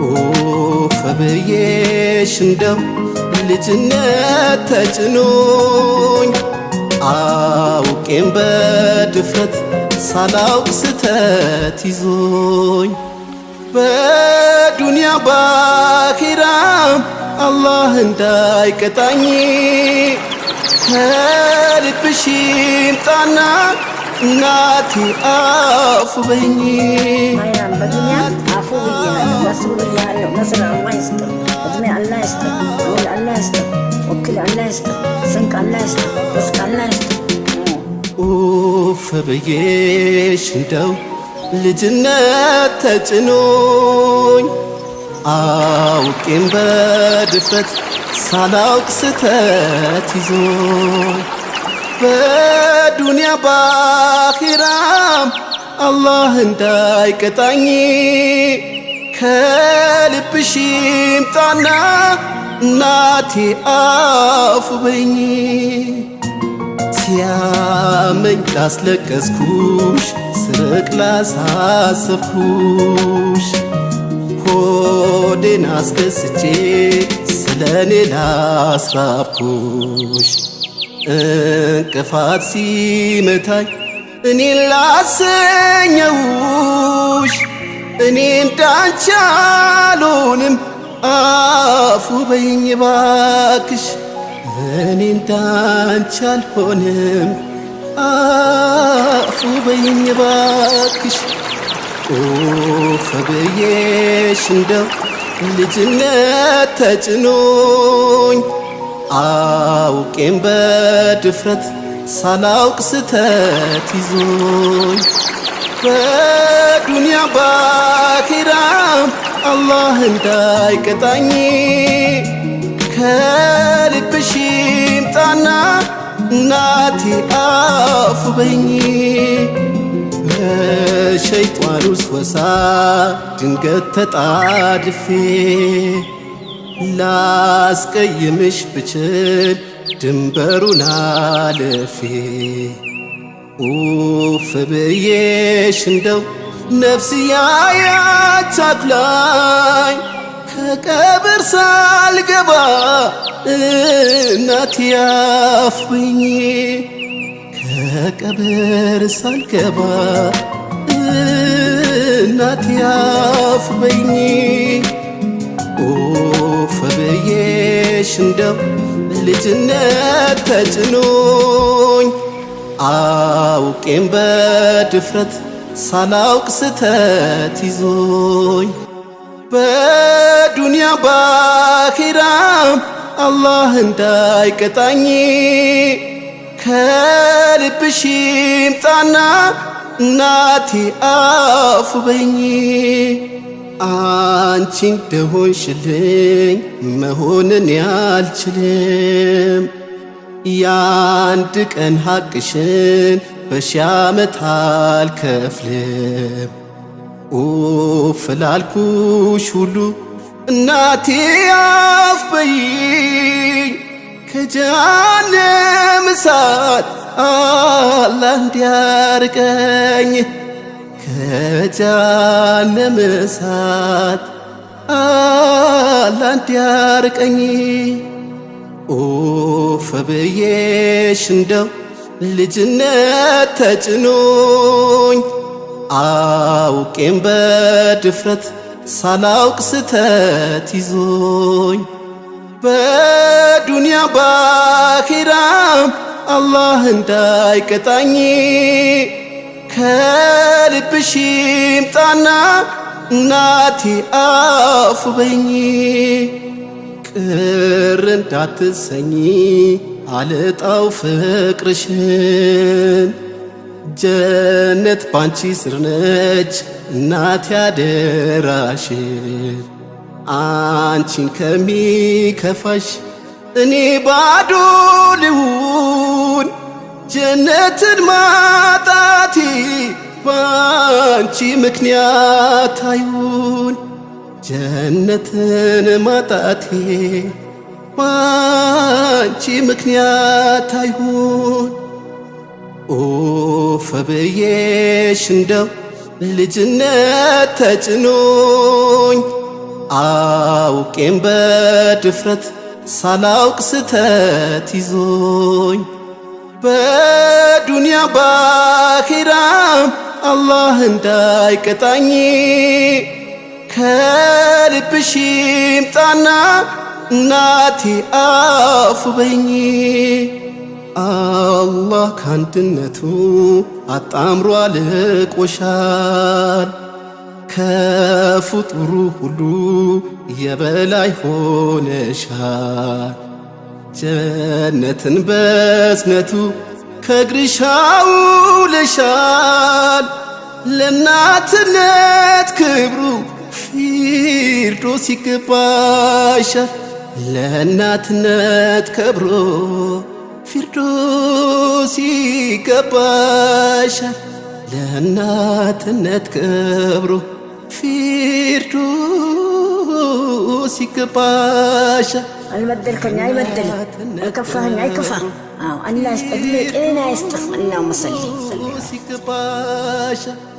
ኡፍ ብዬሽ እንደው ልጅነት ተጭኖኝ አውቄም በድፍረት ሳላውቅ ስተት ይዞኝ በዱንያ ባኺራም አላህ እንዳይቀጣኝ ከልብሽ ይምጣና እናቴ አፉ በኝ ኡፍ ብዬሽ እንደው ልጅነት ተጭኖኝ አውቄም በድፍረት ሳላውቅ ስተት ይዞ በዱንያ ባኺራም አላህ እንዳይቀጣኝ ከልብሽ ይምጣና እናቴ አፉ በኝ ሲያመኝ ላስለቀስኩሽ ስርቅ ላሳሰብኩሽ ሆዴን አስገስቼ ስለኔ እኔ ላስራብኩሽ እንቅፋት ሲመታኝ እኔን ላሰኘውሽ እኔ እንዳንቺ አፉ በይኝ ባክሽ እኔ እንዳንቺ አልሆንም አፉ በይኝ ባክሽ ኡፍ ብዬሽ እንደው ልጅነት ተጭኖኝ አውቄም በድፍረት ሳላውቅ ስተት ይዞኝ በዱንያ ባኪራም አላህ እንዳይቀጣኝ ከልብሽ ይምጣና እናቴ አፉ በኝ በሸይጧን ውስወሳ ድንገት ተጣድፌ ላስቀይምሽ ብችል ድንበሩን አልፌ ኡፍ ብዬሽ እንደው ነፍስያዬ አታኩላኝ ከቀብር ሳልገባ እናቴ አፍ ከቀብር ሳልገባ እናት ያፍ በይኝ ኡፍ ብዬሽ እንደው ልጅነት ተጭኖኝ አውቄም በድፍረት ሳላውቅ ስተት ይዞኝ በዱንያ ባኺራም አላህ እንዳይቀጣኝ ከልብሽ ይምጣና እናቴ አፉ በኝ አንቺ እንደሆንሽልኝ መሆንን ያልችልም ያንድ ቀን ሀቅሽን በሺህ ዓመት አልከፍልም። ኡፍ ላልኩሽ ሁሉ እናቴ አፍ በይኝ ከጀሃነም እሳት አላህ እንዲያርቀኝ ከጀሃነም እሳት አላህ እንዲያርቀኝ ኡፍ ብዬሽ እንደው ልጅነት ተጭኖኝ አውቄም በድፍረት ሳላውቅ ስተት ይዞኝ በዱንያ ባኪራም አላህ እንዳይቀጣኝ ከልብሽ ይምጣና እናቴ አፉ በኝ ቅር እንዳትሰኝ አልጣው ፍቅርሽን ጀነት ባንቺ ስር ነች እናቴ አደራሽን አንቺን ከሚከፋሽ እኔ ባዶ ልሁን ጀነትን ማጣቴ ባንቺ ምክንያት አይሁን ጀነትን ማጣቴ ባንቺ ምክንያት አይሁን ኦ ብዬሽ እንደው ልጅነት ተጭኖኝ አውቄም በድፍረት ሳላውቅ ስተት ይዞኝ በዱንያ ባኺራም አላህ እንዳይቀጣኝ ከልብሽ ይምጣና እናቴ አፉ በኝ። አላህ ከአንድነቱ አጣምሮ አልቆሻል ከፍጡሩ ሁሉ የበላይ ሆነሻል። ጀነትን በዝነቱ ከእግርሻው ለሻል። ለእናትነት ክብሩ ፊርዶስ ይገባሻል። ለእናትነት ክብሮ ፊርዶስ ይገባሻል። ለእናትነት ክብሩ ፊርዱስ ይገባሻል። አልበደልከኝ፣ አይበደልም፣ አልከፋህኝ፣ አይከፋ። አዎ አላህ ይስጥህ፣ ጤና ይስጥህ።